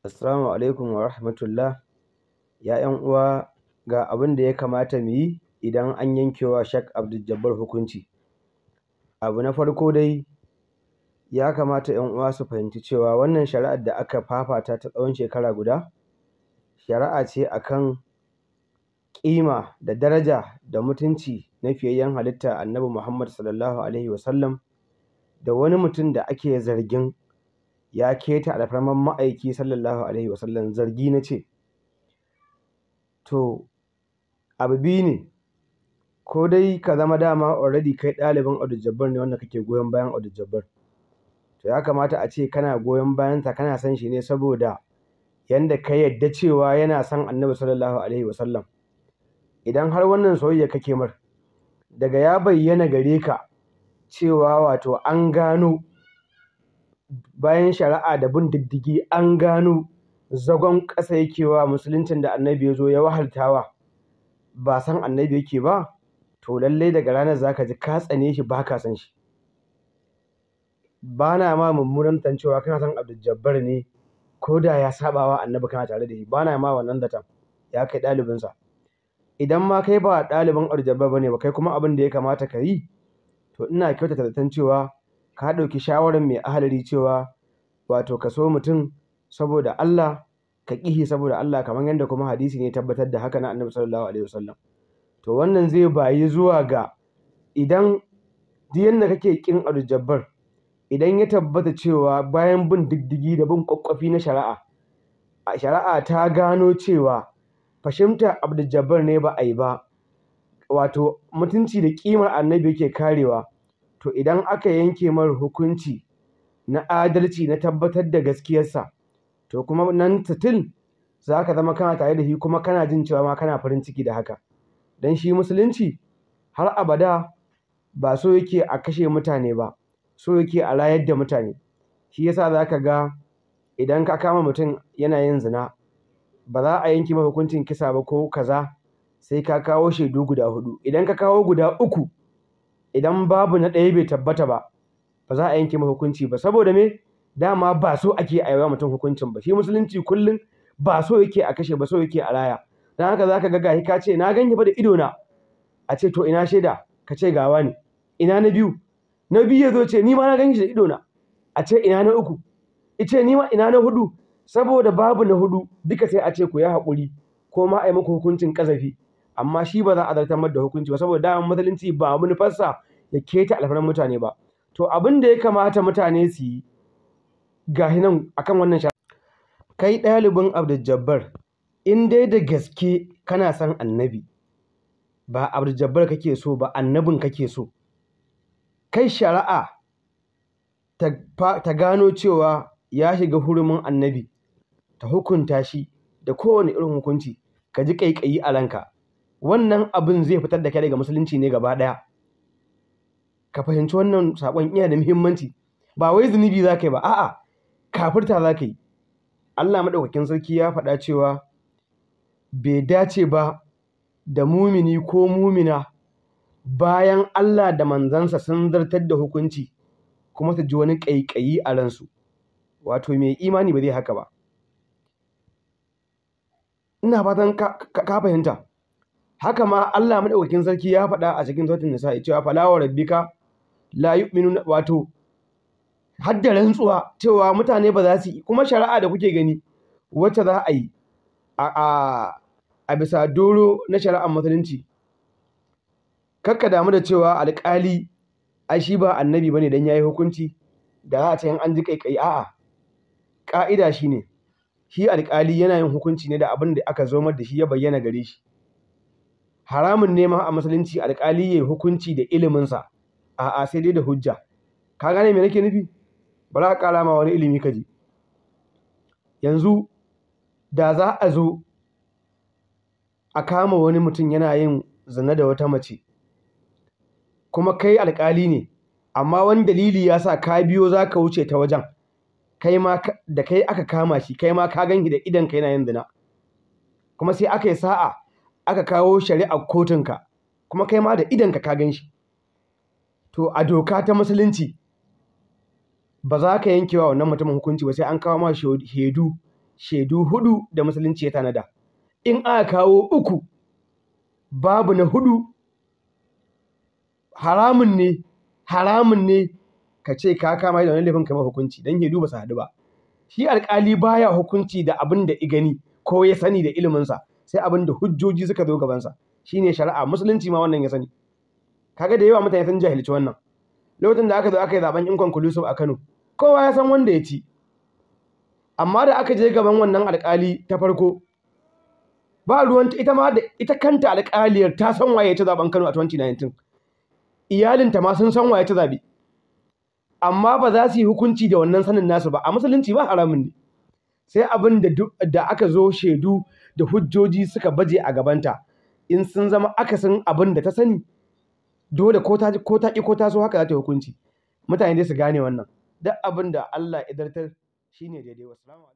Assalamu alaikum wa rahmatullah. Ya ‘yan uwa ga abin da ya kamata mu yi idan an yanke wa Shak Abdul hukunci. Abu na farko dai ya kamata ‘yan uwa su fahimci cewa wannan shari'ar da aka fafata ta tsawon shekara guda, shari'a ce akan ƙima da daraja da mutunci na fiyayyen halitta Annabi Muhammad sallallahu alaihi wasallam da wani mutum da ake zargin ya keta alfarman ma'aiki sallallahu alaihi wasallam zargi na ce to abu biyu ne ko dai ka zama dama already kai ɗalibin Abdul ne wanda kake goyon bayan Abdul to ya kamata a ce kana goyon bayansa kana san shi ne saboda yanda ka yadda cewa yana san annabi sallallahu alaihi wasallam idan har wannan soyayya kake mar daga ya bayyana gare ka cewa wato an gano bayan shari'a da bin diddigi an gano zagon ƙasa yake wa musuluncin da annabi ya zo ya wahaltawa ba san annabi yake ba to lallai daga ranar za ka ji ka tsane shi ba ka san shi ba na ma mummunan tancewa kana san abdul ne ko da ya saba wa annabi kana tare da shi ba na ma wannan tan. ya kai ɗalibinsa idan ma kai ba ɗalibin abdul ba ne ba kai kuma abin da ya kamata ka yi to ina kyautata zaton cewa ka ɗauki shawarar mai ahalari cewa wato ka so mutum saboda Allah ka ƙihi saboda Allah kamar yadda kuma hadisi ne tabbatar da haka na annabi sallallahu alaihi wasallam to wannan zai bayi zuwa ga idan diyan kake ƙin aljabbar idan ya tabbata cewa bayan bin diddigi da bin kwakwafi na shari'a a shari'a ta gano cewa fashimta abdul ne ba a yi ba wato mutunci da ƙimar annabi yake karewa to idan aka yanke mar hukunci na adalci na tabbatar da gaskiyarsa to kuma nan tutun za ka zama kana tare da shi kuma kana jin cewa ma kana farin ciki da haka don shi musulunci har abada ba so yake a kashe mutane ba so yake a rayar da mutane shi yasa za ka ga idan ka kama mutum yana yin zina ba za a yanke masa hukuncin kisa ba ko kaza sai ka kawo shaidu guda hudu idan ka kawo guda uku idan babu na ɗaya bai tabbata ba ba za a yanke masa hukunci ba saboda me dama ba so ake a yawa mutum hukuncin ba shi musulunci kullum ba so yake a kashe ba so yake a raya don haka zaka ga gahi ka ce na ganye ba da ido na a ce to ina shaida ka ce gawa ne ina na biyu na biyu ya zo ce ni ma na ganye da ido na a ce ina na uku ice ni ma ina na hudu saboda babu na hudu duka sai a ce ku ya haƙuri ko ma a yi muku hukuncin ƙazafi amma shi ba za a zartar da hukunci ba saboda dama musulunci ba manufarsa ya keta alfarmar mutane ba to abin da ya kamata mutane su yi gahi nan akan wannan sha kai ɗalibin Abdul Jabbar in dai da gaske kana son annabi ba Abdul Jabbar kake so ba annabin kake so kai shari'a ta gano cewa ya shiga hurumin annabi ta hukunta shi da kowane irin hukunci ka ji ƙaiƙayi a ranka wannan abin zai fitar da kai daga musulunci ne gaba ɗaya ka fahimci wannan sakon iya da muhimmanci ba wai zunubi za ka yi ba a'a kafirta za ka yi Allah maɗaukakin sarki ya faɗa cewa bai dace ba da mumini ko mumina bayan Allah da manzansa sun zartar da hukunci kuma su ji wani ƙaiƙayi a ransu wato mai imani ba zai haka ba ina fatan ka fahimta haka ma Allah madaukakin sarki ya faɗa a cikin sautin nisa cewa falawa rabbika la wato hadda rantsuwa cewa mutane ba za su kuma shari'a da kuke gani wacce za a yi a bisa doro na shari'ar musulunci kakka damu da cewa alƙali ai shi ba annabi bane dan yayi hukunci da za a ce an ji kaikai a'a ka'ida shine shi alƙali yana yin hukunci ne da abin da aka zo da shi ya bayyana gare shi haramun neman a musulunci alƙali ya hukunci da iliminsa a'a sai dai da hujja ka gane me nake nufi ba za ka ƙara ma wani ilimi ka yanzu da za a zo a kama wani mutum yana yin zina da wata mace kuma kai alƙali ne amma wani dalili ya sa ka biyo za ka wuce ta wajen kai ma da kai aka kama shi kai ma ka ganki da idan kai yana yin zina kuma sai aka yi sa'a aka kawo shari'ar kotunka kuma kai ma da idanka ka gan shi to a doka ta musulunci ba za ka wa wannan mutumin hukunci ba sai an kawo ma shaidu shaidu hudu da musulunci ya tanada in aka kawo uku babu na hudu haramun ne haramun ne ka ce ka kama da wani laifin kai hukunci dan hedu ba su haɗu ba shi alƙali baya hukunci da abin da igani ko ya sani da iliminsa sai abin da hujjoji suka zo gabansa shine shari'a musulunci ma wannan ya sani kaga da yawa mutane sun jahilci wannan lokacin da aka zo aka yi zaben inconclusive a Kano kowa ya san wanda ya ci amma da aka je gaban wannan alƙali ta farko ba ruwan ita ma da ita kanta alkaliyar ta san waye ta zaben Kano a 2019 iyalinta ma sun san waye ta zabe amma ba za su yi hukunci da wannan sanin nasu ba a musulunci ba haramun ne sai abin da aka zo shaidu da hujjoji suka baje a gabanta in sun zama akasin abin da ta sani dole ko ta ko ta ko ta so haka za ta hukunci mutane dai su gane wannan duk abin da Allah ya dartar shine daidai wassalamu